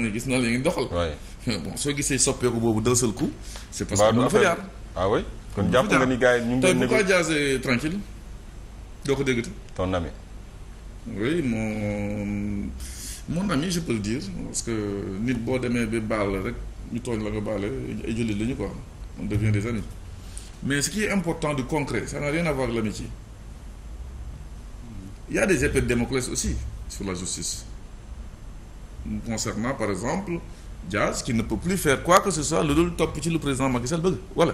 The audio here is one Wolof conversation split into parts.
ne gis naa la ngeen doxal. soo gisee soppeeku boobu d'un seul coup. c'est parce que ah kon jàpp nga ñu ngi. tey bu ko jaasee tranquille doo ko déggati. ton ami. oui mon mon ami que nit boo demee ba baal rek ñu tooñ la nga baale ay jullit lañu quoi on devient des amis mais ce qui est important du concret ça n'a rien à voir avec l'amitié il y a des de Damoclès aussi sur la justice. concernant par exemple Diaz qui ne peut plus faire quoi que ce soit lu dul topp ci lu président Macky Sall bëgg wala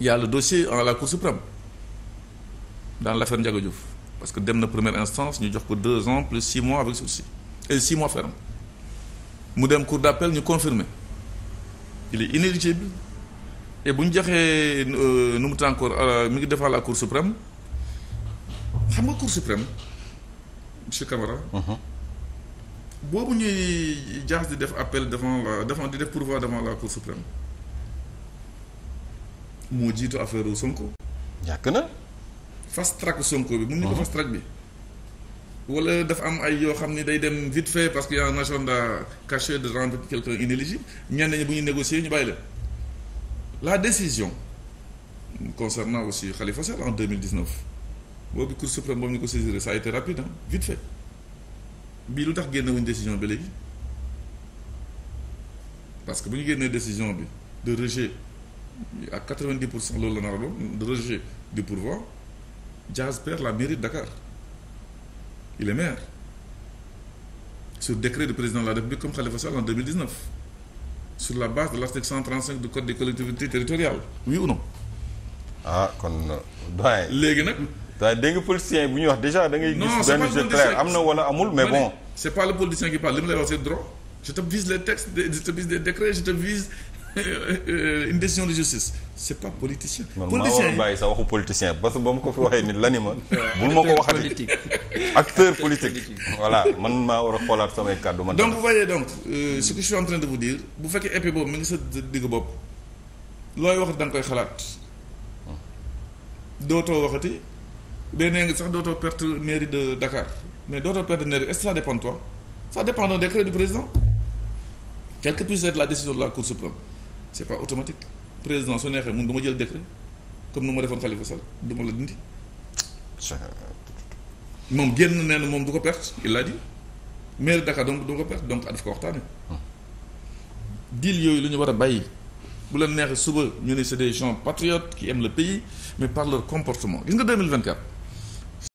yàlla y a le dossier en la Cour suprême dans l'affaire Ndiaga Diouf parce que dem na première instance ñu jox ko deux ans plus six mois avec sursis et six mois ferme mu dem cour d'appel ñu confirmer il est inéligible et bu ñu joxee euh, nu mu encore euh, mi ngi defal la Cour suprême xam nga Cour suprême monsieur Camara. Uh-huh. boobu ñuy jaas di def appel devant la devant di def pourvoi devant la cour suprême moo jiitu affaire u Sonko. yàgg na. fast track Sonko bi. mu ñu ko fast track bi. wala dafa am ay yoo xam ni day dem vite fait parce que y a un agenda caché de rendre quelqu'un inéligible ñenn ñi bu ñu négocier ñu bàyyi la décision concernant aussi Khalifa Sall en 2019 boobu cour suprême boobu ñu ko saisir ça a été rapide hein vite fait. bii lu tax génne décision bi léegi parce que bu ñu génnee décision bi de rejet ak quatre-vingt-dix pour cent loolu la nar a doon de rejet du pourvoi Diaz la mairie de Dakar il est maire sur décret du président de la République comme Khalifa Sall en 2019 sur la base de l'article 135 du code des collectivités territoriales oui ou non. ah kon euh, doyen. léegi nag. daa dégg politicien bu ñu wax déjà da ngay gis benn jeu clair na wala amul mais bon c'est pas le politicien qui parle euh, euh, de justice c'est pas politicien. politicien bàyyi sa waxu politicien parce que ba mu ko fi waxee ni lani ma. bul ma ko waxati acteur politique. voilà man maa war a xoolaat samay kàddu ma donc vous voyez donc euh, ce bu fekkee épée boobu mi ngi sa digg bopp looy wax da nga koy xalaat hmm. dootoo waxati. day nee nga sax dootoo perte mairie de Dakar mais dootoo perte mairie est-ce que ça dépend de toi ça dépend d'un décret du président quelle que puisse être la décision de la Cour suprême c'est pas automatique président su neexee mun du ma jël décret comme nu ma defoon Khalifa Sall du ma la dindi. moom génn nee na moom du ko perte il l'a dit mairie Dakar donc du ko perte donc daf ko waxtaanee. deal yooyu lu ñu war a bàyyi bu la neexee suba ñu ne c'est des gens patriotes qui aiment le pays mais par leur comportement gis nga 2024.